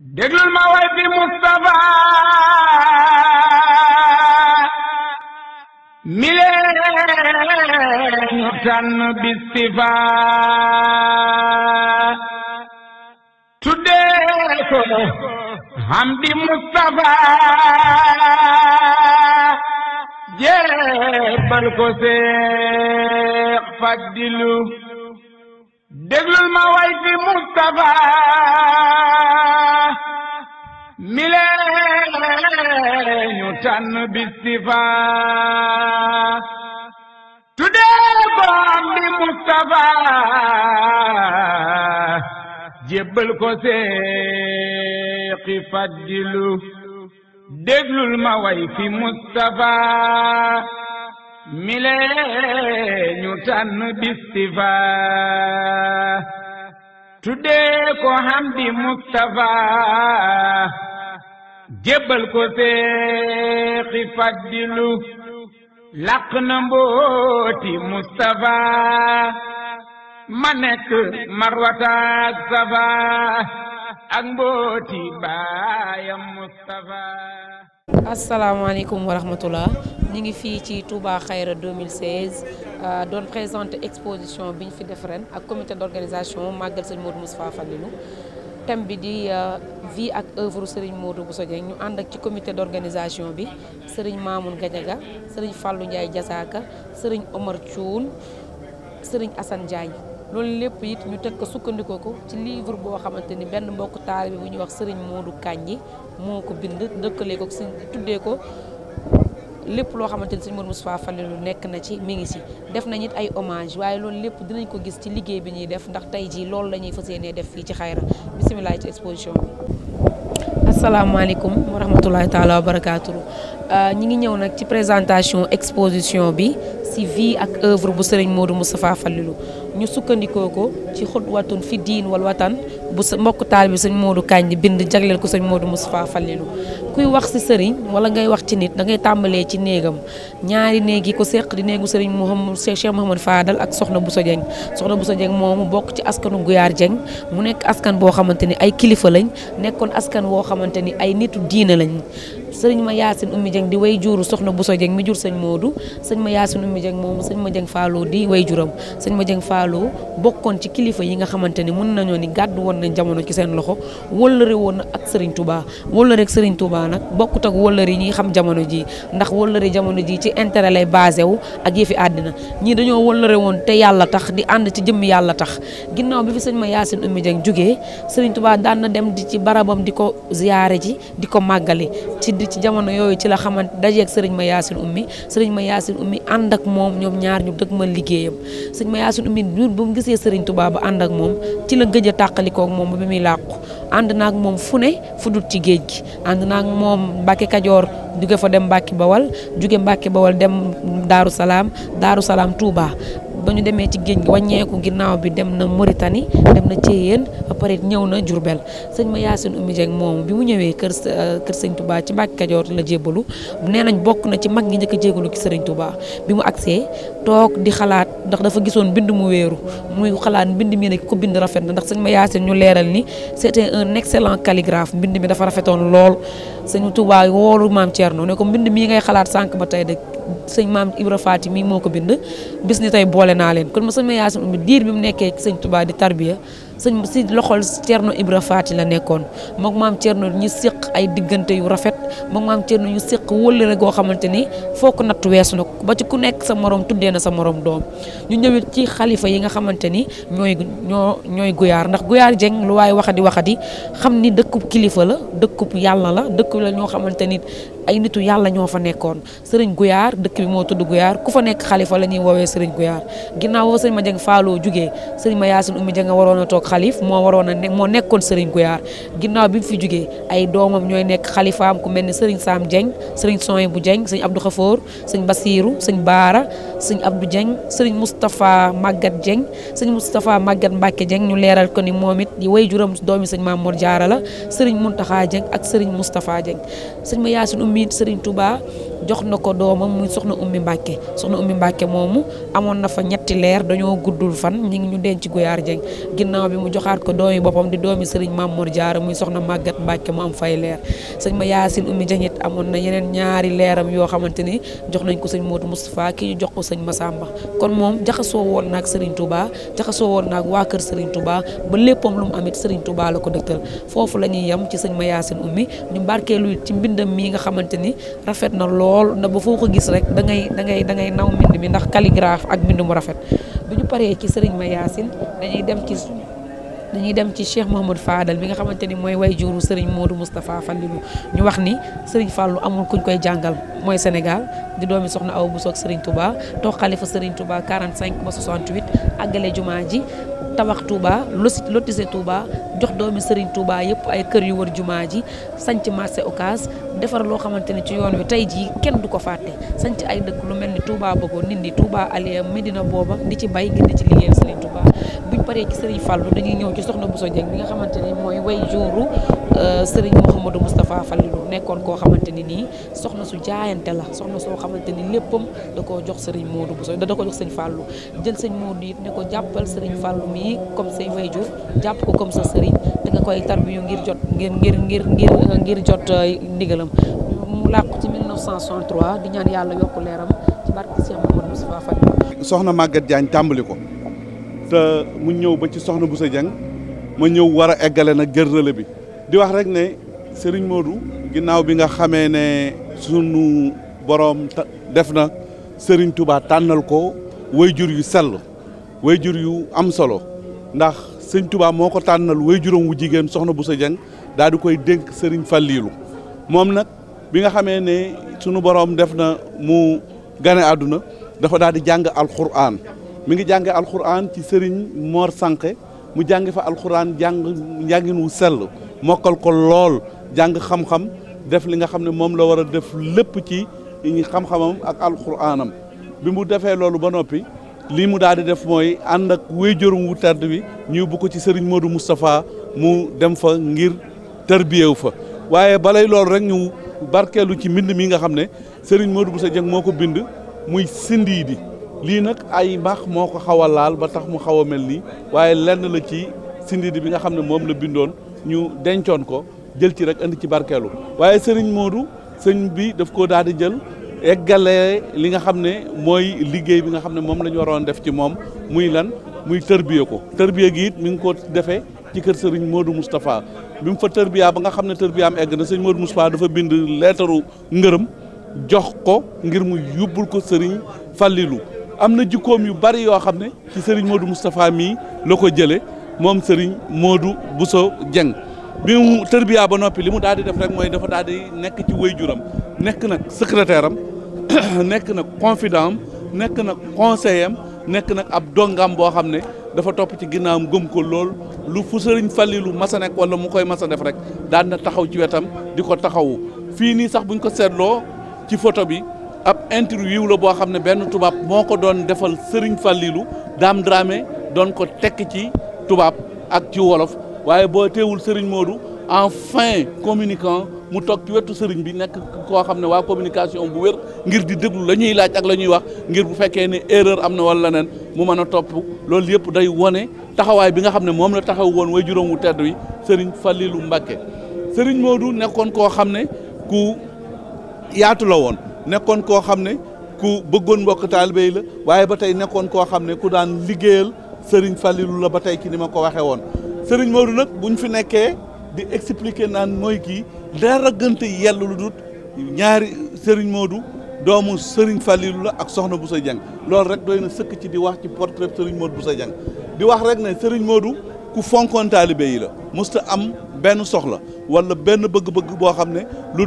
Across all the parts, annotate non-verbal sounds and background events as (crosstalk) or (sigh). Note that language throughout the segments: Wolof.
déglul ma way fi Moustapha mile ñu tànn bis sifa tuddee ko Hamdi Moustapha jébbal ko Seex Fadilu déglul ma way fi Mustafa mi leen ñu tànn bistifa tuddee ko am di Mustafa jébbal ko seexi faddilu déglul ma way fi Mustafa mile ñu tànn bistifa tuddee ko Hamdi Mustafa jébbal ko seexi faddilu làq na mbooti Mustafa ma nekk marwataak safa ak mbooti baayam Mustafa asalaamaaleykum wa rahmatullah ñu ngi fii ci Touba Khayra 2016 euh, doon présenter exposition bi ñu fi def ren ak comité d'organisation Magal Serigne Modou Moustapha Fallilou thème bi di euh, vie ak œuvre Serigne Modou Bousso Dieng ñu ànd ak ci comité d'organisation bi Serigne Mamoun Gadiaga Serigne Fallou Ndiaye jasaaka Serigne Omar Thioune Serigne Assane Diagne loolu lépp it ñu teg ko sukkandikoo ko ci livre boo xamante ni benn mbokk taalibe bu ñuy wax Serigne Modou Kandji moo ko bind dëkkalee ko si tuddee ko lépp loo xamante ni sëñ Mourou Moustapha Falilou nekk na ci mi ngi si def na it ay hommage waaye loolu lépp dinañ ko gis ci liggéey bi ñuy def ndax tey jii loolu la ñuy fas yéenee def fii ci xayra bisimilah ci exposition bi. asalaamaaleykum wa rahmatulahi taala wa barakaatu euh, ñi ngi ñëw nag ci présentation exposition bi si vie ak œuvre bu sëriñ Modou Moustapha Falilou ñu sukkandikoo ko ci xutwatun fi diin wal watan bu sa mbokk taalibe sëñ Modou Kandji bind jagleel ko sëñ Modou Moustapha Fallilou kuy wax ci sëriñ wala ngay wax ci nit da ngay tàmbalee ci néegam ñaari néeg yi ko seq di néegu sëriñ Mouhamad Cheikh Mouhamad Fadal ak Soxna bu Bousso Dieng Soxna bu Bousso Dieng moomu bokk ci askanu Guyaar Dieng mu nekk askan boo xamante ni ay kilifa lañ nekkoon askan woo xamante ni ay nitu diina lañ sëriñ ma yaasin ummi jëng di way juru soxna Bousso jëng mi jur sëñ Modou sëñ ma yaasin ummi jëng moomu sëñ ma jëng faaloo di way juram sëñ ma jëng faaloo bokkoon ci kilifa yi nga xamante ni mën nañoo ni gàddu woon nañ jamono ci seen loxo wëllëre woon na ak sëriñ Touba wëllëre ak sëriñ Touba nag bokkut ak wëllëre yi ñuy xam jamono ji ndax wëllëre jamono ji ci intérêt lay basé wu ak fi àddina ñii dañoo wëllëre woon te yàlla tax di ànd ci jëmm yàlla tax ginnaaw bi fi sëñ ma yaasin ummi jëng jógee sëriñ Touba daan na dem di ci barabam di ko ziyaare ji di ko màggali guddi ci jamono yooyu ci la xamante dajeeg sëriñ ma yaasin ummi sëriñ ma yaasin ummi ànd ak moom ñoom ñaar ñu dëgg ma liggéeyam sëriñ ma yaasin ummi ñun bu mu gisee sëriñ Tuubaa ànd ak moom ci la gëj a tàqalikoo ak moom ba bi muy làqu ànd naag moom fu ne fu dul ci géej gi ànd naag moom Mbàkke Kajoor jóge fa dem Mbàkke Bawal jóge Mbàkke Bawal dem Daaru Salaam Daaru Salaam Tuubaa ba ñu demee ci géej gi wàññeeku ginnaaw bi dem na Mauritanie dem na Thiéyène ba pare ñëw na Diourbel sëñ ma Yacine Oumy moomu bi mu ñëwee kër euh, kër sëñ Touba ci Mbàkke Kajoor la jébbalu nee nañ bokk na ci mag ñi njëkk jégalu ci sëriñ Touba bi mu agsee toog di xalaat ndax dafa gisoon mbind mu wéeru muy xalaat mbind mi ne ko bind rafet na ndax sëñ ma Yacine ñu leeral ni c'était un excellent calligraphe mbind mi dafa rafetoon lool sëñ Touba woolu maam Thierno ne ko mbind mii ngay xalaat sànq ba tey de sëñ maam Ibra Faati mii moo ko bind bis ni tey boole naa leen kon ma sama yaasin ummi diir bi mu nekkee sëñ Tuubaa di tarbiya sëñ si loxol Thierno Ibra Faati la nekkoon mook maam noo ñu séq ay diggante yu rafet mook maam Thierno ñu séq wëllëre goo xamante ni foo ko natt weesu na ba ci ku nekk sa morom tuddee na sa morom doom ñu ñëwit ci xalifa yi nga xamante ni ñooy ñoo ñooy guyaar ndax guyaar jeng lu waaye waxadi waxadi xam ni dëkkub kilifa la dëkkub yàlla la dëkk la ñoo xamante nit ay nitu yàlla ñoo fa nekkoon sëriñ guyaar dëkk bi moo tudd guyaar ku fa nekk xalifa la ñuy woowee sëriñ guyaar ginnaaw ba sëriñ ma jëng xalif moo waroon a ne moo nekkoon Serigne Gouillard ginnaaw bi mu fi jugee ay doomam ñooy nekk xalifaam ku mel ni Serigne saam Dieng sëriñ Soin bu Dieng Serigne Abdou Khafour Serigne Bassirou Serigne Baara Serigne Abdou Dieng Serigne Moustapha Maguette Dieng Serigne Moustapha Maguette Mbacke Dieng ñu leeral ko ni moom it di way juram doomi Serigne Mamour Diarra la Serigne Mountakha Dieng ak Serigne Moustapha Dieng Serigne Mayacine Oumy Serigne Touba. jox na ko doomam muy soxna ummi Mbàkke soxna ummi Mbàkke moomu amoon na fa ñetti leer dañoo guddul fan ñu ngi ñu denc Guyaar Jeng ginnaaw bi mu joxaat ko doomi boppam di doomi sëriñ Mamour Diarra muy soxna Maguette Mbàkke mu am fay leer sëñ ma Yaasin ummi Jangit amoon na yeneen ñaari leeram yoo xamante ni jox nañ ko sëñ Modou Moustapha kii ñu jox ko sëñ Massamba kon moom jaxasoo woon naag sëriñ Touba jaxasoo woon naag waa kër sëriñ Touba ba léppam lu mu amit sëriñ Touba la ko dëgtal foofu la ñuy yem ci sëñ ma Yaasin ummi ñu barkeelu ci mbindam mii nga xamante ni rafet na lool lool na ba foo ko gis rek da ngay da ngay naw mbind mi ndax calligraphe ak mbind mu rafet bu ñu paree ci sëriñ ma yaasin dañuy dem ci dañuy dem ci Cheikh Mouhamadou faadal bi nga xamante ni mooy way juru Serigne Modou Moustapha Fallilou ñu wax ni Serigne Fallou amul kuñ koy jàngal mooy Sénégal di doomi soxna Awa Bousso ak Serigne Touba toog xalifa Serigne Touba 45 ba 68 àggale jumaa ji tabax Touba losi lotise Touba jox doomi Serigne Touba yëpp ay kër yu wër jumaa ji sanc marché Ocass defar loo xamante ni ci yoon wi tey jii kenn du ko fàtte sanc ay dëkk lu mel ni Touba bëggoon nit ñi Touba Aliya Medina booba di ci bay gën ci liggéeyal Serigne Touba paree ci Serigne Fallou dañuy ñëw ci soxna Bousso Dieng bi nga xamante ne mooy way juuru euh, Serigne Mouhamadou Moustapha Fallilou nekkoon koo xamante ni nii soxna su jaayante la soxna soo xamante ni léppam da koo jox Serigne Modou Bousso da ko jox Serigne Fallou jël sëñ Modou it ne ko jàppal Serigne Fallou mii comme say way jur jàpp ko comme sa Serigne te nga koy tarbiyu ngir jot ngir ngir ngir ngir ngir jot euh, ndigalam mu làqu ci 1963 di ñaan yàlla yokku leeram ci barke Cheikh Mouhamadou Moustapha soxna Maguette Diagne tàmbali ko te mu ñëw ba ci bu sa Dieng ma ñëw war a eggale nag gër bi di wax rek ne Serigne moodu ginnaaw bi nga xamee ne sunu borom def na Serigne Touba tànnal ko wayjur yu sell wayjur yu am solo ndax sëñ Touba moo ko tànnal wayjuram wu jigéen soxna sa Dieng daal di koy dénk Serigne Fallilu moom nag bi nga xamee ne sunu borom def na mu gane àdduna dafa daal di jàng alxuraan mi ngi jànge alxuraan ci Serigne Mor Sànqe mu jàng fa alxuraan jàng njàngin wu sell mokkal ko lool jàng xam-xam def li nga xam ne moom la war a def lépp ci xam-xamam ak alxuraanam bi mu defee loolu ba noppi lii mu daal di def mooy ànd ak wéyjorum wu tedd bi ñu ko ci Serigne Modou Moustapha mu dem fa ngir tërbiyew fa waaye balay loolu rek ñu barkeelu ci mbind mii nga xam ne Serigne Modou Bousso Dieng moo ko bind muy Sindiidi lii nag ay mbax moo ko xaw a laal ba tax mu xaw a mel ni waaye lenn la ci sindidi bi nga xam ne moom la bindoon ñu dencoon ko jël ci rek indi ci barkeelu waaye sëriñ Modou sëñ bi daf koo daal di jël eggalee li nga xam ne mooy liggéey bi nga xam ne moom la ñu waroon def ci moom muy lan muy tërbiye ko tërbiye giit it mi ko defee ci kër sëriñ Modou Moustapha bi mu fa tërbiyaa ba nga xam ne tërbiyaam egg na sëñ Modou Moustapha dafa bind leetaru ngërëm jox ko ngir mu yóbbul ko sëriñ Fallilou am na jikkoom yu bari yoo xam ne ci Serigne Modou Moustapha mii la ko jëlee moom Serigne Modou Bousso Dieng bi mu bi ba noppi li mu daal di def rek mooy dafa daal di nekk ci waajuram nekk nag secrétaire (coughs) nekk nag confident nekk nag conseiller nekk nag ab dongam boo xam ne dafa topp ci ginnaawam gëm ko lool lu fu Serigne Fallilou mas a nekk wala mu koy masa def rek daan na taxaw ci wetam di ko taxawu fii nii sax buñ ko seetloo ci photo bi. ab interview la boo xam ne benn tubaab moo ko doon defal Serigne Fallilou Dame Dramé doon ko tekk ci tubaab ak ci wolof waaye boo teewul Serigne moodu en fin communicant mu toog ci wetu Serigne bi nekk koo xam ne waa communication bu wër ngir di déglu la ñuy laaj ak la ñuy wax ngir bu fekkee ne erreur am na wala leneen mu mën a topp loolu yëpp day wone taxawaay bi nga xam ne moom la taxaw woon way juróom wu tedd wi Serigne Fallilou Mbacké Serigne Modou nekkoon koo xam ne ku yaatu la woon. nekkoon koo xam ne ku bëggoon mbokk taalibe yi la waaye ba tey nekkoon koo xam ne ku daan liggéeyal Serigne Fallilou la ba tey ci ni ma ko waxee woon Serigne Modou nag buñ fi nekkee di expliquer naan mooy kii dara gënte yellu lu dut ñaari Serigne Modou doomu Serigne Fallilou la ak soxna bu sa Dieng loolu rek doy na sëkk ci di wax ci portrait Serigne bu Boussa Dieng di wax rek ne Serigne Modou ku fonkoon taalibe yi la musta am benn soxla wala benn bëgg-bëgg boo xam ne lu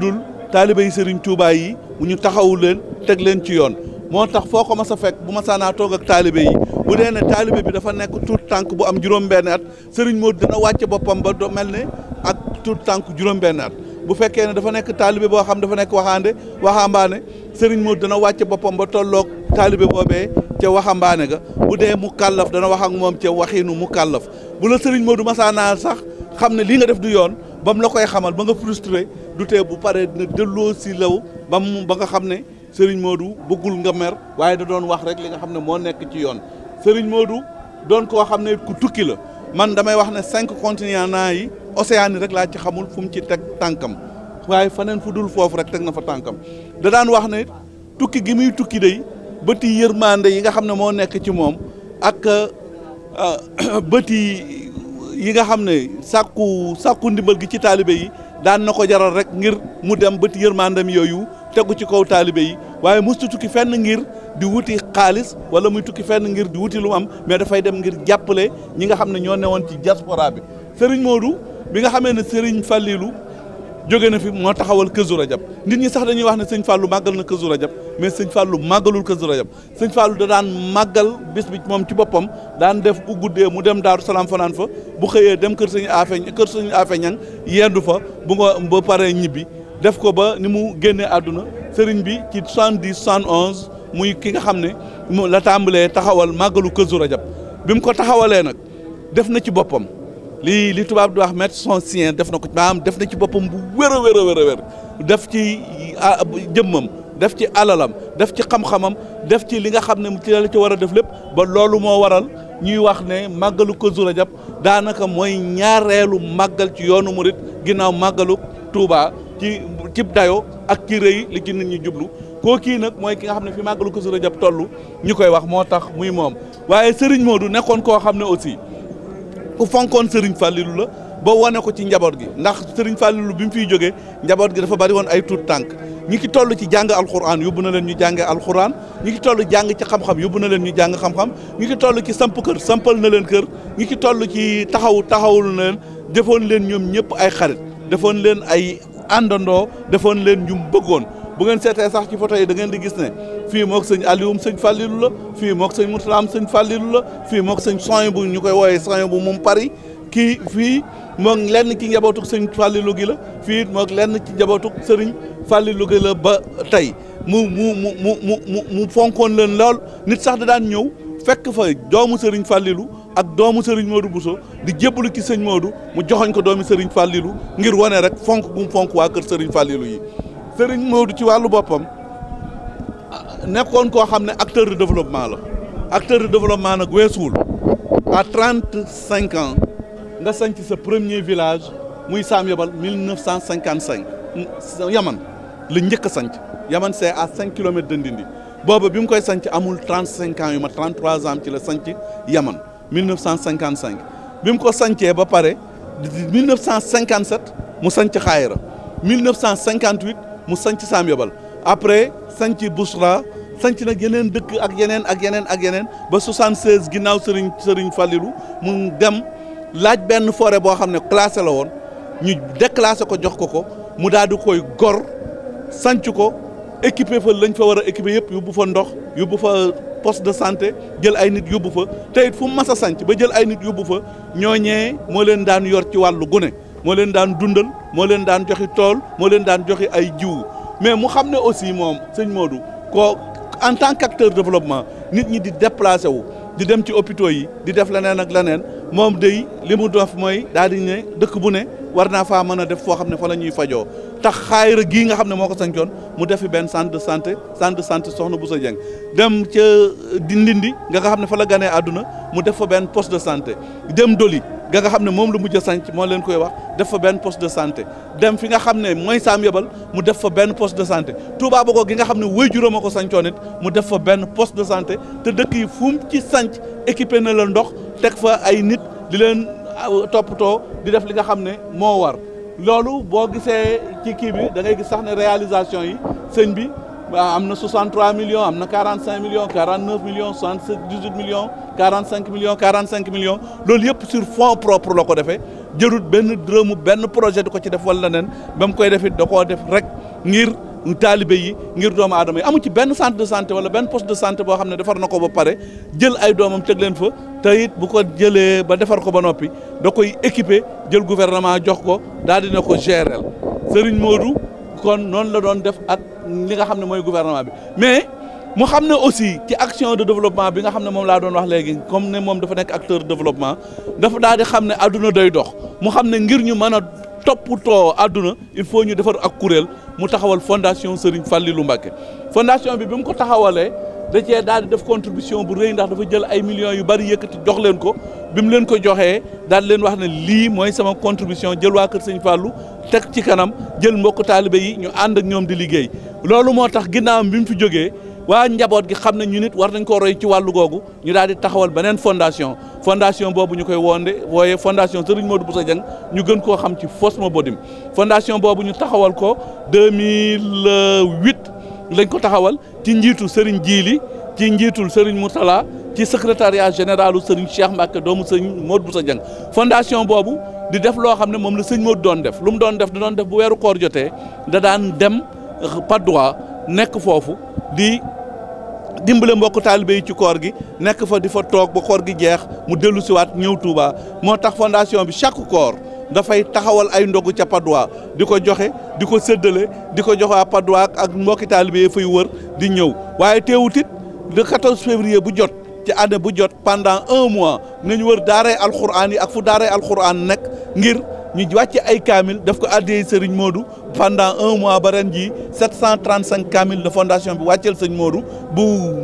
taalibe yi Serigne yi mu ñu taxawu leen teg leen ci yoon moo tax foo ko mas a fekk bu ma naa toog ak taalibe yi bu dee ne taalibe bi dafa nekk tuut tànk bu am juróom-benn at Serigne Modou dina wàcce boppam ba do mel ne ak tuut tànk juróom-benn bu fekkee ne dafa nekk taalibe boo xam dafa nekk waxaande waxambaane Serigne Modou dana wàcce boppam ba tollook taalibe boobee ca waxambaane ga bu dee mu kàllaf dana wax ak moom ca waxiinu mu kàllaf bu la Serigne Modou masaanaa sax xam ne lii nga def du yoon bam la koy xamal ba nga frustré du tee bu paree dina delloo si law ba mu ba nga xam ne Serigne Modou bëggul nga mer waaye da doon wax rek li nga xam ne moo nekk ci yoon Serigne Modou doon koo xam ne ku tukki la man damay wax ne cinq continents naa yi océan yi rek laa ci xamul fu mu ci teg tànkam waaye faneen fu dul foofu rek teg na fa tànkam da daan wax ne tukki gi muy tukki day bëti yërmande yi nga xam ne moo nekk ci moom ak euh, (coughs) bëti yi nga xam ne sàkku sàkku ndimbal gi ci taalibe yi daan na ko jaral rek ngir mu dem ba yërmandam yooyu tegu ci kaw taalibe yi waaye mustu tukki fenn ngir di wuti xaalis wala muy tukki fenn ngir di wuti lu mu am mais dafay dem ngir jàppale ñi nga xam ne ñoo newoon ci diaspora bi Serigne Modou bi nga xamee ne Serigne Fallilou jóge na fi moo taxawal Kazu Rajab nit ñi sax dañuy wax ne sëñ fallu màggal na Kazu Rajab mais sëñ fallu màggalul Kazu Rajab sëñ Fallou da daan màggal bis bi moom ci boppam daan def bu guddee mu dem Daaru Salaam fanaan fa bu xëyee dem kër sëñ Afe kër sëñ Afe ñang yendu fa bu nga ba paree ñibbi def ko ba ni mu génnee àdduna sëriñ bi ci 70 71 muy ki nga xam ne mu la tàmbalee taxawal màggalu Kazu Rajab bi mu ko taxawalee nag def na ci boppam. li li tubaab di wax met son sien def na ko maanaam def na ci boppam bu wér a wér a a wér def ci jëmmam def ci alalam def ci xamxamam def ci li nga xam ne ci la ci war a def lépp ba loolu moo waral ñuy wax ne màggalu a Rajab daanaka mooy ñaareelu màggal ci yoonu murit ginnaaw màggalu tuuba ci cib dayo ak ci rëy li ci nit ñi jublu koo kii nag mooy ki nga xam ne fi màggalu a Rajab tollu ñu koy wax moo tax muy moom waaye Serigne Modou nekkoon ko xam ne aussi ku fonkoon Serigne Fallilou la ba wane ko ci njaboot gi ndax Serigne Fallilou bi mu fiy jógee njaboot gi dafa bari woon ay tuut tànk ñi ki toll ci jàng alxuraan yóbbu na leen ñu jàngee alxuraan ñi ki toll jàng ci xam yóbbu na leen ñu jàng xam-xam ñi toll ci samp kër sampal na leen kër ñi ki toll ci taxawu taxawul na leen defoon leen ñoom ñëpp ay xarit defoon leen ay àndandoo defoon leen ñu bëggoon bu ngeen seetee sax ci photo yi da ngeen di gis fi fii mook sëñ Aliou sëñ Fallilou la fii mook sëñ Mourtalaam sëñ Fallilou la fii mook sëñ soin bu ñu koy wooyee soin bu moom Paris kii fii moom lenn ci njabootug sëñ Fallilou gi la fii mook lenn ci njabootug sëriñ Fallilou gi la ba tey mu mu mu mu mu mu mu fonkoon leen lool nit sax da daan ñëw fekk fa doomu sëriñ Fallilou ak doomu Serigne Modou Bousso di jébbalu ci sëñ Modou mu joxoñ ko doomi Serigne Fallilou ngir wane rek fonk gum fonk waa kër Serigne Fallilou yi Serigne Modou ci wàllu boppam nekkoon koo xam ne acteur de développement la acteur de développement nag weesuwul à trente cinq ans nga sanc sa premier village muy Sam Yabal mille neuf cent cinquante cinq Yaman la njëkk a sanc Yaman se à cinq kilomètres de Ndindi booba bi mu koy sanc amul trente cinq ans yu ma trente trois ans ci la sanc Yaman mille cinq bi mu ko sancee ba pare mille neuf cent cinquante sept mu sanc Xaayira mille neuf mu sanc saam yobal après sanc Bousra sanc nag yeneen dëkk ak yeneen ak yeneen ak yeneen ba 76 ginnaaw Serigne Serigne Fallilou mu dem laaj benn foore boo xam ne classé la woon ñu déclassé ko jox ko ko mu daal di koy gor sanc ko équipé fa lañ fa war a équipé yëpp yóbbu fo ndox yóbbu fa poste de santé jël ay nit yóbbu fa te it fu mu mas a sanc ba jël ay nit yóbbu fa ñooñe moo leen daan yor ci wàllu gune moo leen daan dundal moo leen daan joxe tool moo leen daan joxe ay jiw mais mu xam ne aussi moom sëñ Modou ko en tant qu'acteur developpement nit ñi di déplacé wu di dem ci hôpitaux yi di def leneen ak leneen moom day li mu def mooy daal di ne dëkk bu ne war naa faa mën a def foo xam ne fa la ñuy fajoo tax xaayira gii nga xam ne moo ko sañcoon mu defi benn centre de santé centre de santé soxna bu sa jeng dem ca Ndindi nga xam ne fa la ganee àdduna mu def fo benn poste de santé dem Doli ga nga xam ne moom la mujj a sanc moo leen koy wax def fa benn poste de santé dem fi nga xam ne mooy saam yebal mu def fa benn poste de santé Touba Bogo gi nga xam ne wéy juróom ko sancoon mu def fa benn poste de santé te dëkk yi fu mu ci sanc équipé na la ndox teg fa ay nit di leen euh, toppatoo di def li nga xam ne moo war loolu boo gisee ci kii bi da gis sax ne réalisation yi sëñ bi am na 63 millions am na 45 millions 49 millions 67 18 millions 45 millions 45 millions loolu yëpp sur fonds propre la ko defee jërut benn dërëmu benn projet di ko ci def wala leneen ba koy def it koo def rek ngir taalibe yi ngir doomu aadama yi amu ci benn centre de santé wala benn poste de santé boo xam ne defar na ko ba pare jël ay doomam teg leen fa te it bu ko jëlee ba defar ko ba noppi da koy équiper jël gouvernement jox ko daal dina ko gérer Serigne Modou. kon noonu la doon def ak li nga xam ne mooy gouvernement bi mais mu xam ne aussi ci action de développement bi nga xam ne moom laa doon wax léegi comme ne moom dafa nekk acteur de développement dafa daa di xam ne àdduna day dox mu xam ne ngir ñu mën a too àdduna il faut ñu defar ak kuréel mu taxawal fondation Serigne lu Mbacké fondation bi bi mu ko taxawalee da cee daal di def contribution bu rëy ndax dafa jël ay millions yu bari yëkkati jox leen ko bi leen ko joxee daal leen wax ne lii mooy sama contribution jël waa Kër Sëñ Fallou teg ci kanam jël mbokk taalibe yi ñu ànd ak ñoom di liggéey loolu moo tax ginnaawam bi mu fi jógee waa njaboot gi xam ne ñu nit war nañ ko roy ci wàllu googu ñu daal di taxawal beneen fondation fondation boobu ñu koy woonde wooye fondation Serigne Modou Bousso Dieng ñu gën koo xam ci Fosma Bodim fondation boobu ñu taxawal ko 2008 lañ ko taxawal ci njiitu Serigne Djili ci njiitul Serigne Mourtala ci secrétariat généralu sëriñ Cheikh Mbacke doomu sëriñ Modou Bousso Dieng fondation boobu di def loo xam ne moom la sëñ Modou doon def lu mu doon def di doon def bu weeru koor jotee da daan dem euh, Padois nekk foofu di dimbale mbokk taalibe yi ci koor gi nekk fa di fa toog ba koor gi jeex mu dellu siwaat ñëw tuuba moo tax fondation bi chaque koor dafay taxawal ay ndogu ca Padois di ko joxe di ko séddale di ko jox waa Padois ak mbokki taalibe fay wër di ñëw waaye teewutit le bu jot ci année bu jot pendant un mois nañu wër daaray alxuraan yi ak fu daare daaray alxuraan nekk ngir ñu wàcce ay kaamil def ko addee Serigne Modou pendant un mois ba ren jii 735 kaamil de fondation bi wàcceel Serigne Modou bu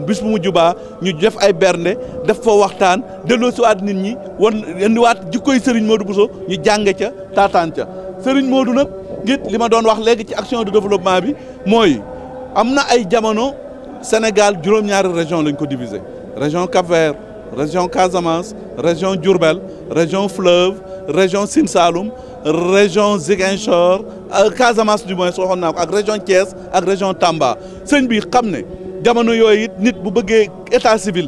bis bu mu jubaa ñu jef ay bernde def fa waxtaan delloo siwaat nit ñi wan indiwaat jikkoy Serigne Modou Bousso ñu jànge ca taataan ca Serigne Modou nag ngir li ma doon wax léegi ci action de développement bi mooy am na ay jamono Sénégal juróom région lañ ko diviser région Cap-Vert région Casamance région Diourbel région Fleuve région Sine région Ziguinchor euh, Casamance du moins waxoon ak région Thiès ak région Tamba sëñ bi xam ne jamono yooyu it nit bu bëggee état civil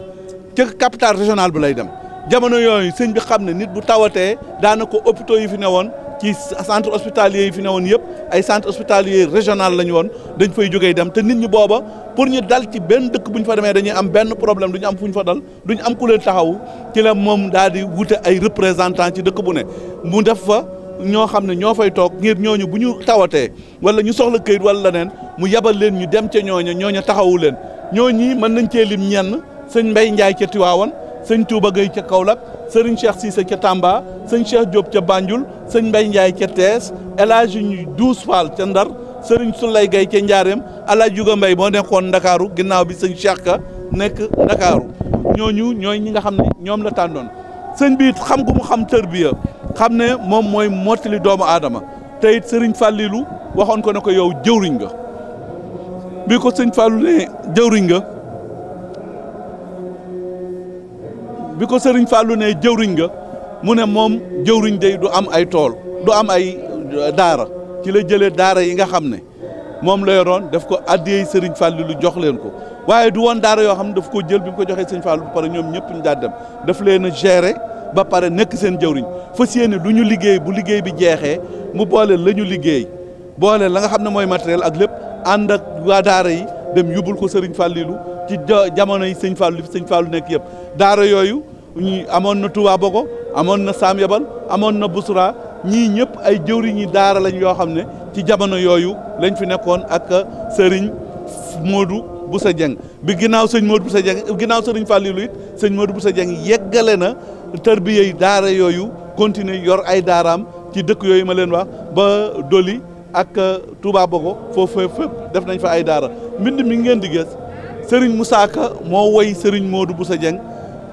capital régional bi lay dem jamono yooyu sëñ bi xam ne nit bu tawatee daanako hôpitaux yi fi ne woon ci centre hospitalier yi fi woon yëpp ay centre hospitalier régional lañu woon dañ fay jógee dem te nit ñi booba pour ñu dal ci benn dëkk bu ñu fa demee dañuy am benn problème du am fuñ ñu fa dal du am ku leen taxaw ci la moom daal di wute ay représentant ci dëkk bu ne mu def fa ñoo xam ne ñoo fay toog ngir ñooñu bu ñu tawatee wala ñu soxla këyit wala leneen mu yabal leen ñu dem ca ñooña ñooña taxawu leen ñooñi mën nañ cee lim ñenn sëñ Mbay Njaay ca Tiwaawan sëñ Tuuba Gay ca Kaolack Serigne Cheikh Cissé ca Tamba sëñ Cheikh Diop ca Banjul sëñ Mbaye Ndiaye ca Tees El Hadj Douze Fall ca Ndar Serigne Souley Gaye ca Njaareem El Hadj Juga Mbaye moo nekkoon Ndakaaru ginnaaw bi sëñ Cheikh ka nekk Ndakaaru ñooñu ñooy ñi nga xam ne ñoom la tàndoon sëñ bi xam gu mu xam tërbiya xam ne moom mooy mottali doomu aadama te it Serigne Fallilou waxoon ko ne ko yow jëwriñ nga bi ko sëñ Fallou ne jëwriñ nga. bi ko sëriñ Fallou ne jëwriñ nga mu ne moom jëwriñ day du am ay tool du am ay euh, daara ci la jëlee daara yi nga xam ne moom la yoroon daf ko addiyey sëriñ Fallou lu jox leen ko waaye du woon daara yoo xam ne daf ko jël bi mu ko joxee sëriñ Fallou ba pare ñoom ñëpp ñu daan daf leen a gérer ba pare nekk seen jëwriñ fas yéene lu ñu liggéey bu liggéey bi jeexee mu boole la ñu liggéey boole la nga xam ne mooy matériel ak lépp ànd ak waa daara yi dem yóbbul ko sëriñ Fallilou ci jamono yi sëñ Fallou sëñ Fallou nekk yëpp daara yooyu ñu amoon na Touba Bogo amoon na Sam Yabal amoon na Bousra ñii ñëpp ay jëwriñi daara lañ yoo xam ne ci jamono yooyu lañ fi nekkoon ak sëriñ Modou Boussa Dieng bi ginnaaw sëñ Modou Boussa Dieng ginnaaw sëriñ Fallou it sëñ Modou Boussa Dieng yeggale na tërbiye yi daara yooyu continuer yor ay daaraam ci dëkk yooyu ma leen wax ba Doli ak Touba Bogo foo fépp def nañ fa ay daara mbind mi ngeen di gis Serigne Moussa moo woy Serigne Modou Bousso Dieng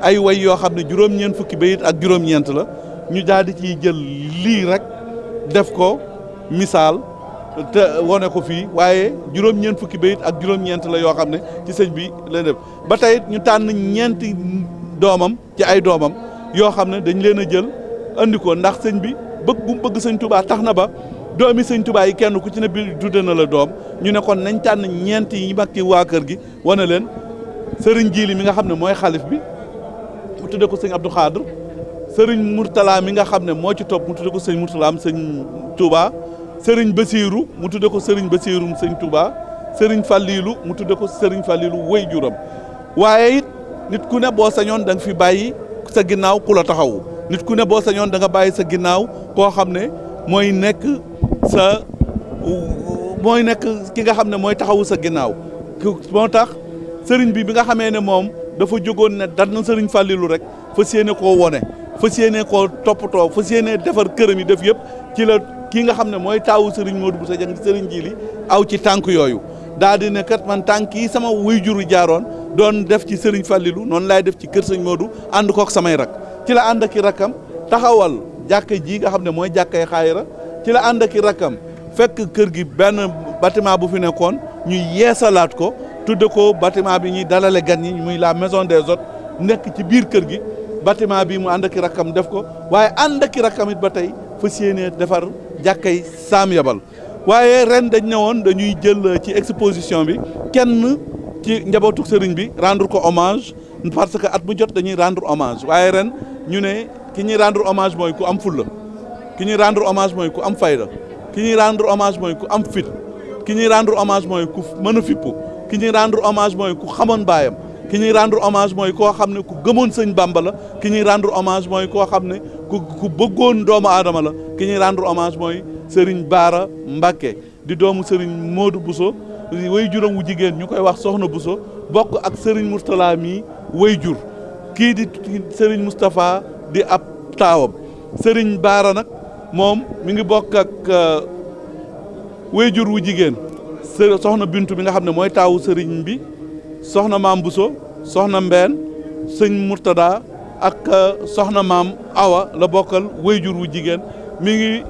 ay woy yoo xam ne juróom-ñeent fukki bayit ak juróom-ñeent la ñu daal di ciy jël lii rek def ko misaal te wone ko fii waaye juróom-ñeent fukki ak juróom-ñeent la yoo xam ne ci sëñ bi le def ba tey ñu tànn ñeenti doomam ci ay doomam yoo xam ne dañ leen a jël andi ko ndax sëñ bi bëgg bu mu bëgg sëñ Touba tax na ba. doomi sëñ Tuubaa yi kenn ku ci ne bi tudde na la doom ñu nekkoon kon nañ tànn ñeent yi mag ci waa kër gi wane leen sëriñ Jiili mi nga xam ne mooy xalif bi mu tudde ko sëñ Abdou Khadr sëriñ Mourtala mi nga xam ne moo ci topp mu ko sëñ Mourtala am sëñ Touba sëriñ Basiiru mu tudde ko sëriñ Basiirum sëñ Touba sëriñ Fallilu mu tudde ko sëriñ faliilu wéy juram waaye it nit ku ne boo sañoon da fi bàyyi sa ginnaaw ku la taxawu nit ku ne boo sañoon da nga bàyyi sa ginnaaw koo xam ne mooy nekk sa mooy nekk ki nga xam ne mooy taxawu sa ginnaaw moo tax sëriñ bi bi nga xamee ne moom dafa jógoon ne dan na sëriñ fàllilu rek fas yéene koo wone fas yéene koo toppatoo fas yéene defar këram yi def yëpp ci la kii nga xam ne mooy taawu sëriñ Modou Bousso Dieng sëriñ Jili aw ci tànk yooyu daal di ne kat man tànk yi sama wuy juru jaaroon doon def ci sëriñ fàllilu noonu laay def ci kër sañ Modou ànd kook samay rak ci la ànd ak i rakkam taxawal jàkka jii nga xam ne mooy jàkkay xaayira cila la ànd ak i rakkam fekk kër gi benn bâtiment bu fi nekkoon ñu yeesalaat ko tudd ko bâtiment bi ñuy dalale gan yi muy la maison des hôtes nekk ci biir kër gi bâtiment bi mu ànd ak i rakkam def ko waaye ànd ak i rakkam ba tey fas yéenee defar jàkkay saam yabal waaye ren dañ ne woon dañuy jël ci exposition bi kenn ci njabootu sëriñ bi rendre ko hommage parce que at mu jot dañuy rendre hommage waaye ren ñu ne ki ñuy rendre hommage mooy ku am fulla ki ñuy rendre hommage mooy ku am fayda ki ñuy rendre hommage mooy ku am fit ki ñuy rendre hommage mooy ku mën a fippu ki ñuy rendre hommage mooy ku xamoon baayam ki ñuy rendre hommage mooy koo xam ne ku gëmoon sëñ Bamba ki ñuy rendre hommage mooy koo xam ne ku ku bëggoon doomu aadama la ki ñuy rendre hommage mooy Serigne Baara mbake di doomu Serigne Modou Bousso way juram wu jigéen ñu koy wax Soxna buso bokk ak Serigne Mourtala mii way jur kii di Serigne Moustapha di ab taawam Serigne Baara nag moom mi ngi bokk ak euh, wéyjur wu jigéen soxna Bintu bi nga xam ne mooy taawu sëriñ bi soxna maam Bousso soxna Mbeen sëñ Murtada ak euh, soxna maam Awa la bokkal wéyjur wu jigéen mi ngi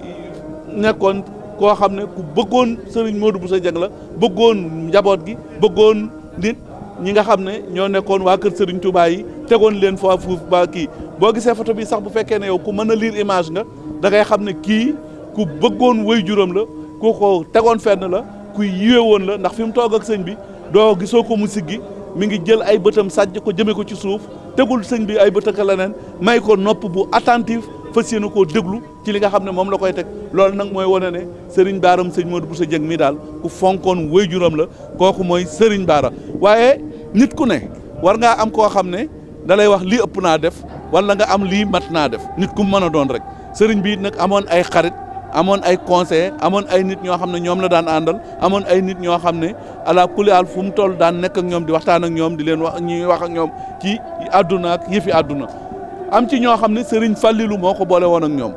nekkoon koo xam ne ku bëggoon sëriñ Modou Bousso Dieng la bëggoon njaboot gi bëggoon nit ñi nga xam ne ñoo nekkoon waa kër Serigne Touba yi tegoon leen fa fuuf ba kii boo gisee photo bi sax bu fekkee ne yow ku mën a liir image nga da ngay xam ne kii ku bëggoon way juróom la ku ko tegoon fenn la ku yiwe woon la ndax fi mu toog ak sëñ bi doo gisoo ko mu siggi mi ngi jël ay bëtam sàjj ko jëme ko ci suuf tegul sëñ bi ay bët leneen may ko nopp bu attentif fas yéene koo déglu ci li nga xam ne moom la koy teg loolu nag mooy wane ne Serigne Baara sëñ Modou Bousso Dieng mi daal ku fonkoon waajuram la kooku mooy sëriñ Baara waaye nit ku ne war ngaa am koo xam ne da lay wax lii ëpp naa def wala nga am lii mat naa def nit ku mën a doon rek Serigne bi nag amoon ay xarit amoon ay conseillers amoon ay nit ñoo xam ne ñoom la daan àndal amoon ay nit ñoo xam ne ala kulli aal fu mu toll daan nekk ak ñoom di waxtaan ak ñoom di leen wax ñuy wax ak ñoom ci àdduna ak àdduna am ci ñoo xam ne sëriñ Fallilou moo ko boole woon ak ñoom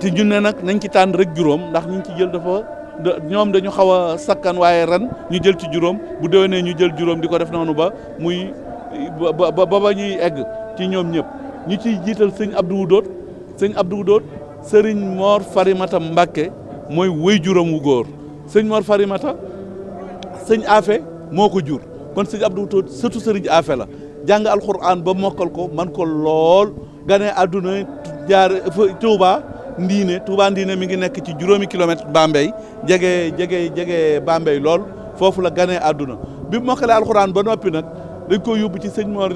te ñu ne nag nañ ci tànn rek juróom ndax ñu ci jël dafa ñoom dañu xaw a sakkan waaye ren ñu jël ci juróom bu déwénee ñu jël juróom di ko def noonu ba muy ba ba ñuy egg ci ñoom ñëpp ñu ciy jiital sëñ ab Abdou Wudóot sëñ ab Abdou Wudóot Serigne Mor Farimata Mbakke mooy wéy juróom wu góor sëñ Mor Farimata sëñ Afe moo ko jur kon sëñ Abdou Wudóot surtout Serigne Afe jàng alxuraan ba mokkal ko man ko lool gane àdduna jaar Touba Ndiine Touba Ndiine mi ngi nekk ci juróomi kilomètre Bambey jege jege jege Bambey lool foofu la gane àdduna bi mokkalee alxuraan ba noppi nag dañ ko yóbbu ci sëñ moor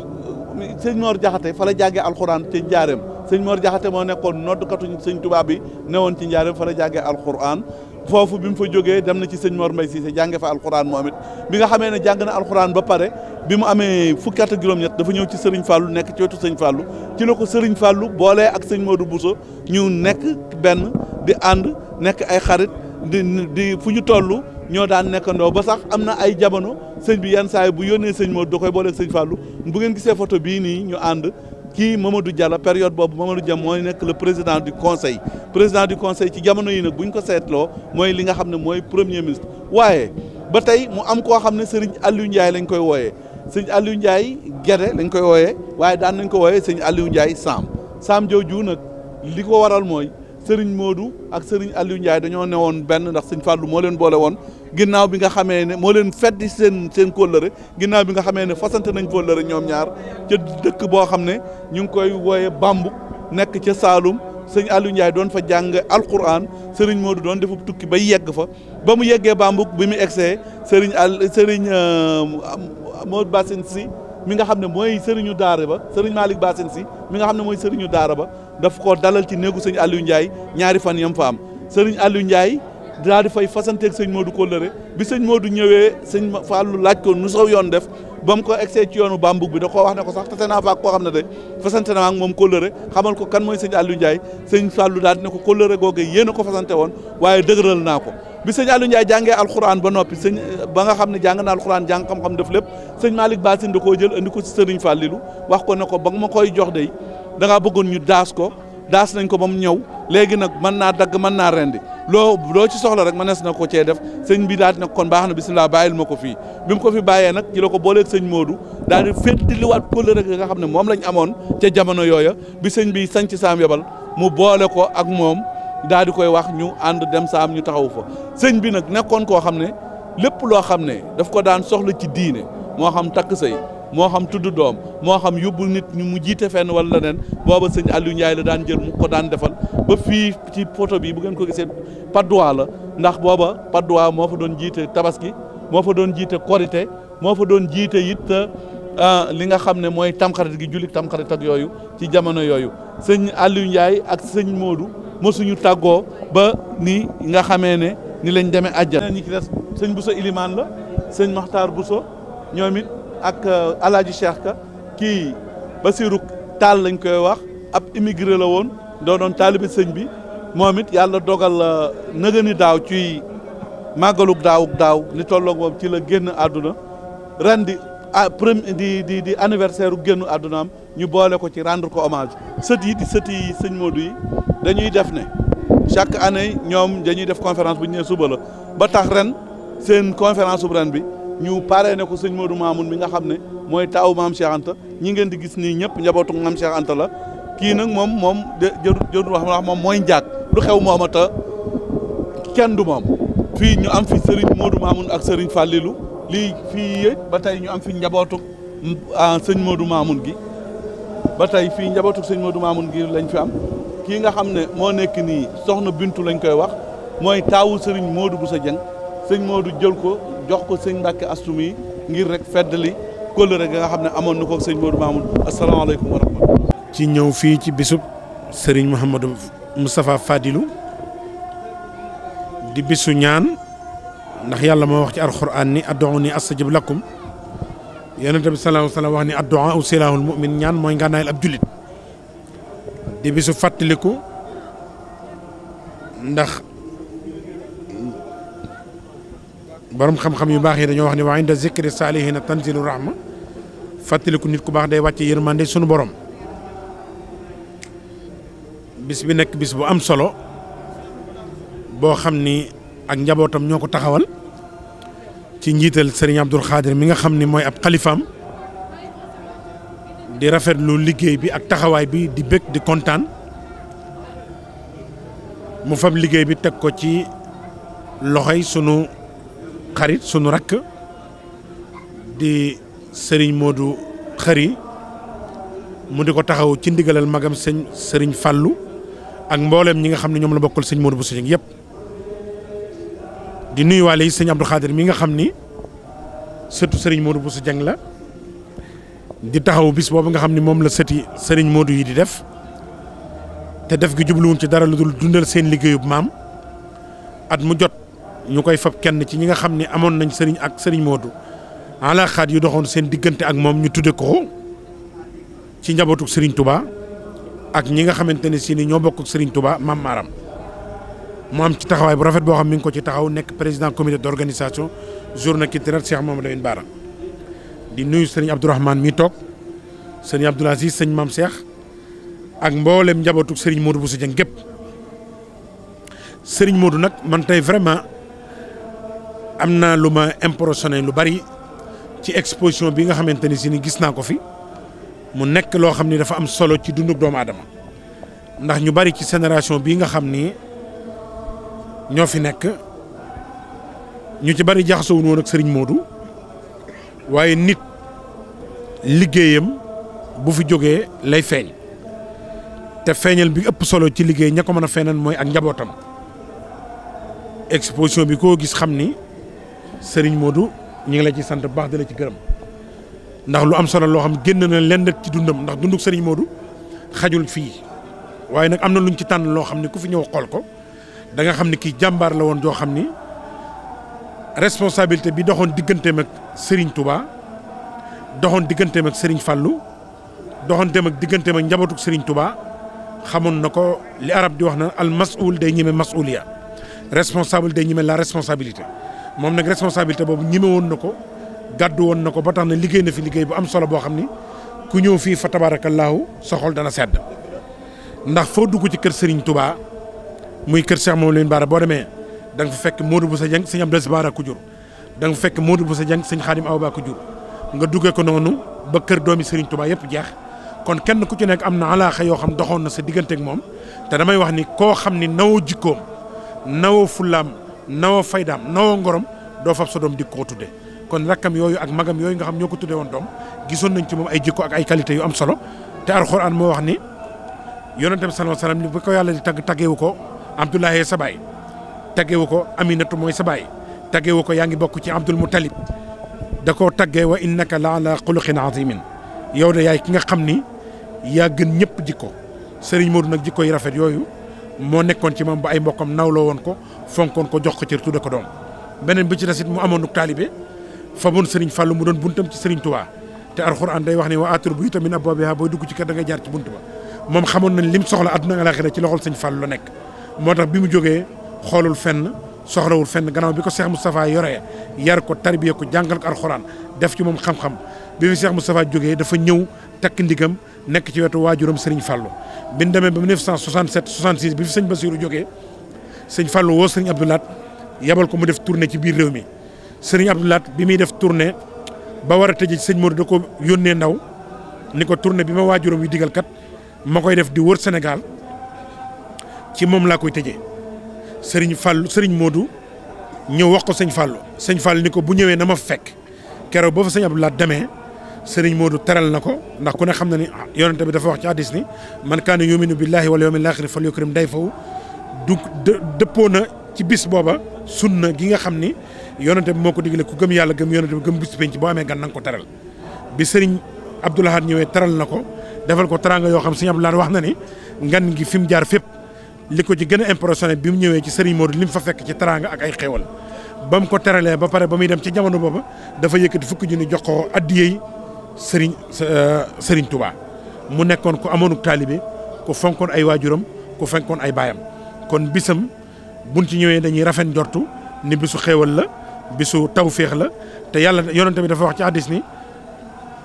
sëñ moor Jaxate fa la jàngee alxuraan ci njaareem sëñ moor Jaxate moo nekkoon noddkatu sëñ Touba bi newoon ci njaareem fa la jàngee alxuraan foofu bi mu fa jógee dem na ci sëñ Mor Mbaye Cissé jànge fa alxuraan moom it bi nga xamee ne jàng na alxuraan ba pare bi mu amee fukki at ak ñett dafa ñëw ci sëriñ Fallou nekk ci wetu sëñ Fallou ci la ko sëriñ Fallou boolee ak sëñ Modou Bousso ñu nekk benn di ànd nekk ay xarit di di fu ñu toll ñoo daan nekkandoo ba sax am na ay jamono sëñ bi yenn saa bu yónnee sëñ Modou da boole booleeg sëñ Fallou bu ngeen gisee photo bii nii ñu ànd kii du Diallo période boobu Mamadou Diallo mooy nekk la président du conseil président du conseil ci jamono yi nag bu ñu ko seetloo mooy li nga xam ne mooy premier ministre. waaye ba tey mu am koo xam ne Serigne Aliou Ndiaye lañ koy wooyee sëñ Aliou Ndiaye Guédé lañ koy wooyee waaye daan nañ ko wooyee sëñ Aliou Ndiaye Sam Sam jooju nag li ko waral mooy Serigne Modou ak Serigne Aliou Ndiaye dañoo woon benn ndax sëñ Fallou moo leen boole woon. ginnaaw bi nga xamee ne moo leen feddi seen seen kóllëre ginnaaw bi nga xamee ne fasante nañ kóllëre ñoom ñaar ca dëkk boo xam ne ñu ngi koy wooye Bambuk nekk ca Saalum sëñ Aliou Ndiaye doon fa jàng alquran sëriñ Modou doon defub tukki ba yegg fa ba mu yeggee Bambuk bi mu egsee sëriñ al sëriñ euh, Modou Bassine si mi nga xam ne mooy sëriñu daara ba sëriñ Malick Bassine si mi nga xam ne mooy sëriñu daara ba daf ko dalal ci néegu sëñ Aliou Ndiaye ñaari fan yam fa am sëriñ Aliou Ndiaye daal di fay fasanteeg sëñ Modou Kóllëre bi sëñ Modou ñëwee sëñ Fallou laaj ko nu saw yoon def ba mu ko egsee ci yoonu Bambug bi da koo wax ne ko sax tase naa faak koo xam ne de fasante naa ak moom kóllëre xamal ko kan moy sëñ Aliou Ndiaye sëñ Fallou daal di ne ko kóllëre googu yéen ko fasante woon waaye dëgëral naa ko bi sëñ Aliou Ndiaye jàngee alxuraan ba noppi sëñ ba nga xam ne jàng na alxuraan jàng xam-xam def lépp sëñ Malick Bassine da koo jël andi ko si sëriñ Fallilou wax ko ne ko ba nga koy jox day da ngaa bëggoon ko daas nañ ko ba mu ñëw léegi nag mën naa dagg mën naa rendi loo loo ci soxla rek mënees na ko cee def sëñ bi daal di nag kon baax na bisimilah bàyyil ma ko fii bi mu ko fi bàyyee nag ci ko booleeg sëñ Modou daal di féttaliwaat kóllëre rek nga xam ne moom lañ amoon ca jamono yooya bi sëñ bi sanc saam yebal mu boole ko ak moom daal di koy wax ñu ànd dem saam ñu taxawu fa sëñ bi nag nekkoon koo xam ne lépp loo xam ne daf ko daan soxla ci diine moo xam takk sëy moo xam tudd doom moo xam yóbbu nit ñu mu jiite fenn wala leneen booba sëñ Aliou la daan jël mu ko daan defal ba fii ci poto bi bu ngeen ko gisee Padois la ndax booba Padois moo fa doon jiite tabaski moo fa doon jiite korite moo fa doon jiite it ah, li nga xam ne mooy tamxarit gi jullit tamxarit ak yooyu ci jamono yooyu sëñ Aliou ak sëñ Modou suñu tàggoo ba ni nga xamee ne ni lañ demee àjjana ñi ci des sëñ Bousso Ilimane la sëñ Makhtar buso ñoom it ak El euh, Hadj Cheikh Ka kii Basirou Tall lañ koy wax ab immigré la woon doonoon taalibi sëñ bi moom it yàlla dogal euh, nëgë ni daaw ci màggalug daaw daaw ni tolloog moom ci la génn àdduna ren di ah premier di di di anniversaire génnu àddunaam ñu boole ko ci rendre ko hommage sët yi sëñ Modou yi dañuy def ne chaque année ñoom dañuy def conférence bu ñu nee suba ba tax ren seen conférence bu ren bi. ñu parrainé ko sëñ Modou Mamoun mi nga xam ne mooy taawu maam Cheikh Anta ñi ngeen di gis nii ñëpp njabootu maam Cheikh Anta la kii nag moom moom jërut jërut wax moom mooy jaat lu xew mooma ta kenn du moom fii ñu am fi Serigne Modou ak Serigne Fallilou lii fii ba tey ñu am fi njabootu ah, sëñ Modou Mamoun gi ba tey fii njabootu sëñ Modou Mamoun gi lañ fi am kii nga xam ne moo nekk nii soxna Bintu lañ koy wax mooy taawu Serigne Modou bu sa jëng sëñ Modou jël ko jox ko sëñ Mbàkke Astou mi ngir rek feddali kóllëre ga nga xam ne amoon na ko sëñ Modou Mamoun asalaamaaleykum wa rahmatulah. ci ñëw fii ci bisub sëriñ Mouhamadou Moustapha Fadilou di bisu ñaan ndax yàlla moo wax ci alxuraan ni adduuni astajib lakum yonent bi salaahu salaam wax ni adduaa u silaahul mu'min ñaan mooy ngànnaayal ab jullit di bisu fàttaliku ndax. borom xam-xam yu baax yi dañoo wax ne wa inda zikri saalihiina tanzilu rahma fàttaliku nit ku baax day wàcce yërmande sunu borom bis bi nekk bis bu am solo boo xam ni ak njabootam ñoo ko taxawal ci njiital sëriñ Abdul Xaadir mi nga xam ni mooy ab xalifaam di rafetlu liggéey bi ak taxawaay bi di bëgg di kontaan mu fab liggéey bi teg ko ci loxoy sunu. xarit sunu rakk di sëriñ Modou Khary mu di ko taxaw ci ndigalal magam sëñ sëriñ Fallou ak mbooleem ñi nga xam ne ñoom la bokkul sëñ Modou Bousso Dieng di nuyuwaale yi mi nga xam ni sëtu sëriñ Modou Bousso Dieng la di taxaw bis boobu nga xam ni moom la sëti sëriñ Modou yi di def te def gi jubluwuñ ci dara lu dundal seen liggéeyub maam at mu jot. ñu koy fab kenn ci ñi nga xam ne amoon nañ sëriñ ak sëriñ Modou alaaxaat yu doxoon seen diggante ak moom ñu tudde ko ci njabootu sëriñ Touba ak ñi nga xamante ne si ni ñoo bokk ak sëriñ Touba Mam Maram mu am ci taxawaay bu rafet boo xam mi ngi ko ci taxaw nekk président comité d'organisation journée culturelle seex moom Lamine Bara di nuyu sëriñ Abdourahmane mi toog sëriñ Abdoul Aziz sëñ Mam Cheikh ak mboolem njabootu sëriñ Modou Bousso Dieng gépp sëriñ moodu nag man tey vraiment. am naa lu ma impressionné lu bari ci exposition bi nga xamante ni si gis naa ko fi mu nekk loo xam ni dafa am solo ci dundu doomu aadama ndax ñu bari ci génération bii nga xam ni ñoo fi nekk ñu ci bari jaxasowul woon ak sëriñ Modou waaye nit liggéeyam bu fi jógee lay feeñ te feeñal bi ëpp solo ci liggéey ña ko mën a feeñal mooy ak njabootam exposition bi koo gis xam ni sëriñ Modou ñu ngi lay ci sant bu baax di ci gërëm ndax lu am solo loo xam génn na lenn ci dundam ndax dunduk sëriñ Modou xajul fii waaye nag am na luñ ci tànn loo xam ne ku fi ñëw xool ko da xam ne kii jàmbaar la woon joo xam ni responsabilité bi doxoon digganteem ak sëriñ Touba doxoon digganteem ak sëriñ Fallou doxanteem ak digganteem ak njabootuk sëriñ tubaa xamoon na ko li arab di wax na al masul day ñeme masuliya responsable day ñeme la responsabilité. moom nag responsabilité boobu ñime woon na ko gàddu woon na ko ba tax na liggéey na fi liggéey bu am solo boo xam ni ku ñëw fii fa tabaarakallaahu sa xol dana sedd ndax foo dugg ci kër Serigne tubaa muy kër Cheikh moom leen baara boo demee da nga fa fekk Modou Boussa Dieng sëñ Abdou Baara ku jur da nga fa fekk Modou Boussa sëñ Xaadim Awa Ba ku nga duggee ko noonu ba kër doomi Serigne Touba yëpp jeex kon kenn ku ci nekk am na alaaxa yoo xam doxoon na sa digganteeg moom te damay wax ni koo xam ni nawoo jikkoom nawoo nawoo faydaam nawoo ngorom doo fab sa doom dikk ko tudde kon kam yooyu ak magam yooyu nga xam ñoo ko tudde woon doom gisoon nañ ci moom ay jikko ak ay qualité yu am solo te alxuraan moo wax ni yonente bi sallallahu alayhi wasallam ni ko yàlla di tagg taggewu ko Abdoulaye sa baay taggewu ko Aminatu mooy sa baay ko yaa ngi bokk ci Abdul Muttalib da koo taggee wa innaka la ala xuluqin azimin yow de yaay ki nga xam ni yaa gën ñëpp jikko Serigne Modou nag jikko yi rafet yooyu moo nekkoon ci moom ba ay mbokkam nawloo woon ko fonkoon ko jox ko cër tudde ko doom beneen bi ci des it mu amoon taalibe faboon sëriñ Fallou mu doon buntam ci sëriñ Touba te alxuraan day wax ne wa aatur buyuutan min abwaabihaa booy dugg ci kër da ngay jaar ci bunt ba moom xamoon nañ lim soxla àdduna alaaxira ci loxol nekk moo tax bi mu jógee xoolul fenn soxlawul fenn gannaaw bi ko Cheikh Moustapha yoree yar ko tarbiye ko jàngal ko alxuraan def ci moom xam-xam bi fi Cheikh Moustapha jógee dafa ñëw takk ndigam nekk ci wetu waajuram sëriñ Fallou bi ñu demee ba 1967 66 bi fi sëñ Bassirou jógee sëñ Fallou woo sëriñ Abdou Lahat yabal ko mu def tournée ci biir réew mi sëriñ Abdou bi muy def tournée ba war a tëjee sëñ Modou da ko yónnee ndaw ni ko tournée bi ma waajuram yu digal kat ma koy def di wër Sénégal ci moom laa koy tëjee sëriñ Fallou sëriñ moodu ñëw wax ko sëñ Fallou sëñ Fallou ni ko bu ñëwee na ma fekk keroog ba fa sëñ Abdou Lahat demee. sëriñ Modou teral na ko ndax ku ne xam na ni ah, yonente bi dafa wax ci hadis ni man kaana yuminu billahi wal yawmil axiri fal yukrim day faw du dëppoo na ci bis booba sunna gi nga xam ni yonente bi moo ko digle ku gëm yàlla gëm yonente bi gëm bis penc boo amee gan na ko teral bi sëriñ Abdou Lahad ñëwee teral na ko defal ko teranga yoo xam sëriñ Abdou Lahad wax na ni ngan gi fi mu jaar fépp li ko ci gën a impressionné bi mu ñëwee ci sëriñ Modou li mu fa fekk ci teranga ak ay xéewal ba mu ko teralee ba pare ba muy dem ci jamono booba dafa yëkkati fukki junni jox ko addiyey sëriñ sëriñ euh, tubaa mu nekkoon ko amoonu taalibe ko fonkoon ay waajuram ku fonkoon ay baayam kon bisam buñ ci ñëwee dañuy rafet njortu ni bisu xéewal la bisu tawféex la te yàlla yonent bi dafa wax ci hadiis ni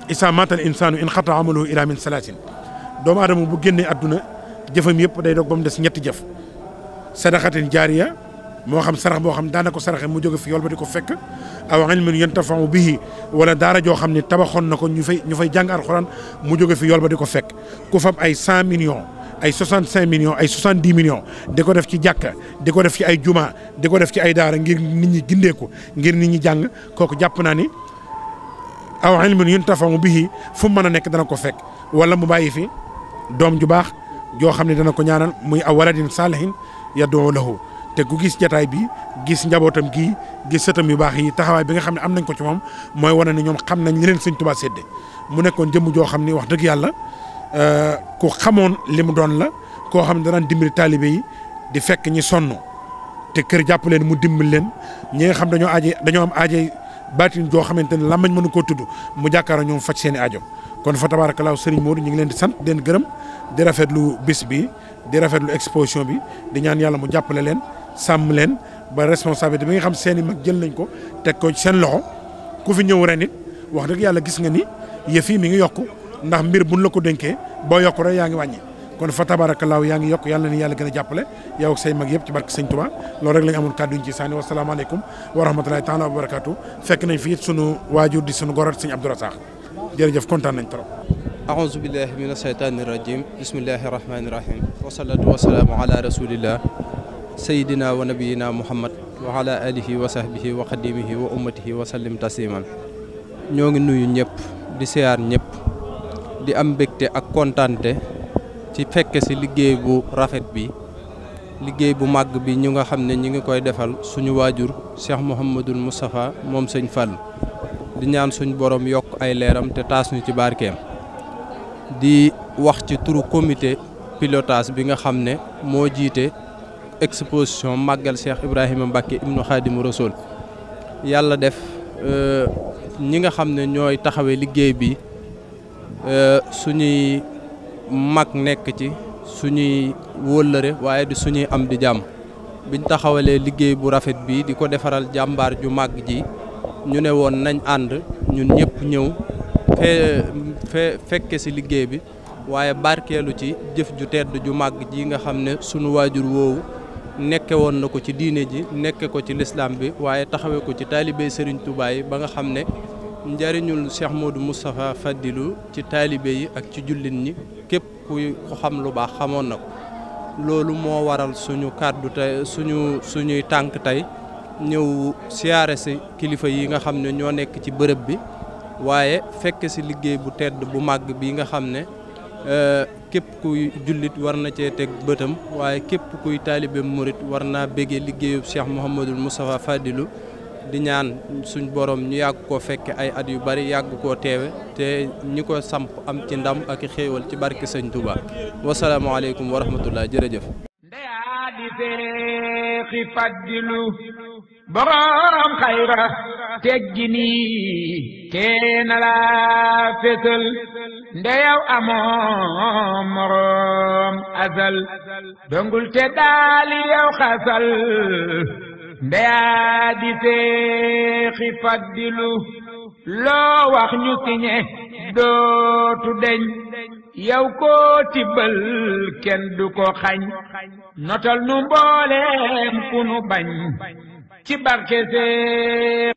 isaa maatal insaanu in xata amaluhu ila min salaasin doomu aadama bu génnee àdduna jëfam yëpp day dog ba mu ñetti jëf sadaxatin jaariya moo xam sarax boo xam daana ko saraxe mu jóge fi yool ba di ko fekk aw ilmin yantafahu bihi wala daara joo xam ne tabaxoon na ko ñu fay ñu fay jàng alxuraan mu jóge fi yool ba di ko fekk ku fab ay cent millions ay soixante cinq million ay soixante dix millions di ko def ci jàkka di ko def ci ay juma di ko def ci ay daara ngir nit ñi gindeeku ngir nit ñi jàng kooku jàpp naa ni aw ilmin yantafahu bihi fu mu mën a nekk dana ko fekk wala mu bàyyi fi doom jubaax baax joo xam ne dana ko ñaanal muy aw waladin saalihin yad'u lahu te ku gis jataay bi gis njabootam gii gis sëtam yu baax yi taxawaay bi nga xam ne am nañ ko ci moom mooy wane ne ñoom xam nañ li leen sëñ Tuubaa sédde mu nekkoon jëmm joo xam ni wax dëgg yàlla euh, ku xamoon li mu doon la koo xam ne danaan dimbali taalibe yi di fekk ñi sonn te kër jàpp leen mu dimbali leen ñi nga xam dañoo aaje dañoo am aaje baatin joo xamante ne làmmañ mënu koo tudd mu jàkkaaroo ñoom faj seen i aajo kon fa tabaarakallaahu Serigne Modou ñu ngi leen di sant di gërëm di rafetlu bis bi di rafetlu exposition bi di yàlla mu jàppale leen sàmm leen ba responsabilité bi nga xam seen i mag jël nañ ko teg ko ci seen loxo ku fi ñëw ren it wax dëgg yàlla gis nga ni yëf yi mi ngi yokk ndax mbir buñ la ko dénkee boo yokk rek yaa ngi wàññi kon fa tabaarakalaaw yaa ngi yokk yàlla na yàlla gën a jàppale yow ak say mag yëpp ci barke sëñ Tuubaa loolu rek lañ amoon kàddu ci sànni wasalaamaaleykum wa rahmatulahi taala wa barakaatu fekk nañ fi it sunu waajur di sunu gorat sëñ Abdou Rassakh jërëjëf kontaan nañ trop ahousu billahi min asheytaani irajim bismillahi rahmaani rahim wasalatu wasalaamu ala rasulillah sayidina wa nabiyina muhammad wa ala alihi wa sahbihi wa xadimihi wa ummatihi wa sallim tasliman ñoo ngi nuyu ñëpp di siyaar ñëpp di am mbégte ak kontante ci fekke si liggéey bu rafet bi liggéey bu màgg bi ñu nga xam ne ñu ngi koy defal suñu waajur cheikh mouhamadul moustapha moom sëñ fàll di ñaan suñu boroom yokk ay leeram te taas ñu ci barkeem di wax ci turu comité pilotage bi nga xam ne moo jiite exposition màggal Cheikh Ibrahima Mbacke ibnu Xaadimu Rasuul yàlla def euh, ñi nga xam ne ñooy taxawee liggéey bi euh, suñuy mag nekk ci suñuy wóllëre waaye di suñuy am di jàmm biñ taxawalee liggéey bu rafet bii di ko defaral jàmbaar ju màgg ji ñu ne woon nañ ànd ñun ñëpp ñëw fe fekke ci liggéey bi waaye barkeelu ci jëf ju tedd ju màgg ji nga xam ne sunu waajur woowu nekke woon na ko ci diine ji nekke ko ci lislaam bi waaye taxawee ko ci taalibe Serigne tubaay ba nga xam ne njariñul Cheikh Modou Moustapha Fadilu ci taalibe yi ak ci jullit ñi képp ku xam lu baax xamoon na ko loolu moo waral suñu kàddu tey suñu suñuy tànk tey ñëw siyaare si kilifa yi nga xam ne ñoo nekk ci bërëb bi waaye fekk si liggéey bu tedd bu màgg bi nga xam ne euh, képp kuy jullit war na cee teg bëtam waaye képp kuy taalibe murit war naa béggee liggéeyub Cheikh Mouhamadul Moustapha fadilu di ñaan suñ borom ñu yàgg koo fekke ay at yu bari yàgg koo teewe te ñi ko samp am ci ndam ak xéewal ci barke sëñ Touba wasalaamaaleykum wa rahmatullah jërëjëf. boroom xayra teggi nii keena laa fesal ndeyaw amoo moroom asal dongul te daali yow xasal ndeyaa di seexi faddilu loo wax ñu siñe dootu deñ yow koo tibbal kenn du ko xañ notal nu mbooleem ku nu bañ ci barke